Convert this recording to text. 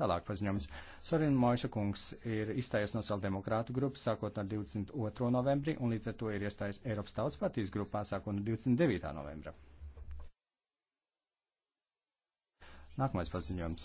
Tālāk paziņojums. Sorin Mojša kungs ir izstājies no sociāldemokrātu grupas sākot ar 22. novembri un līdz ar to ir iestājies Eiropas tautas partijas grupā sākot no 29. novembra. Nākamais paziņojums.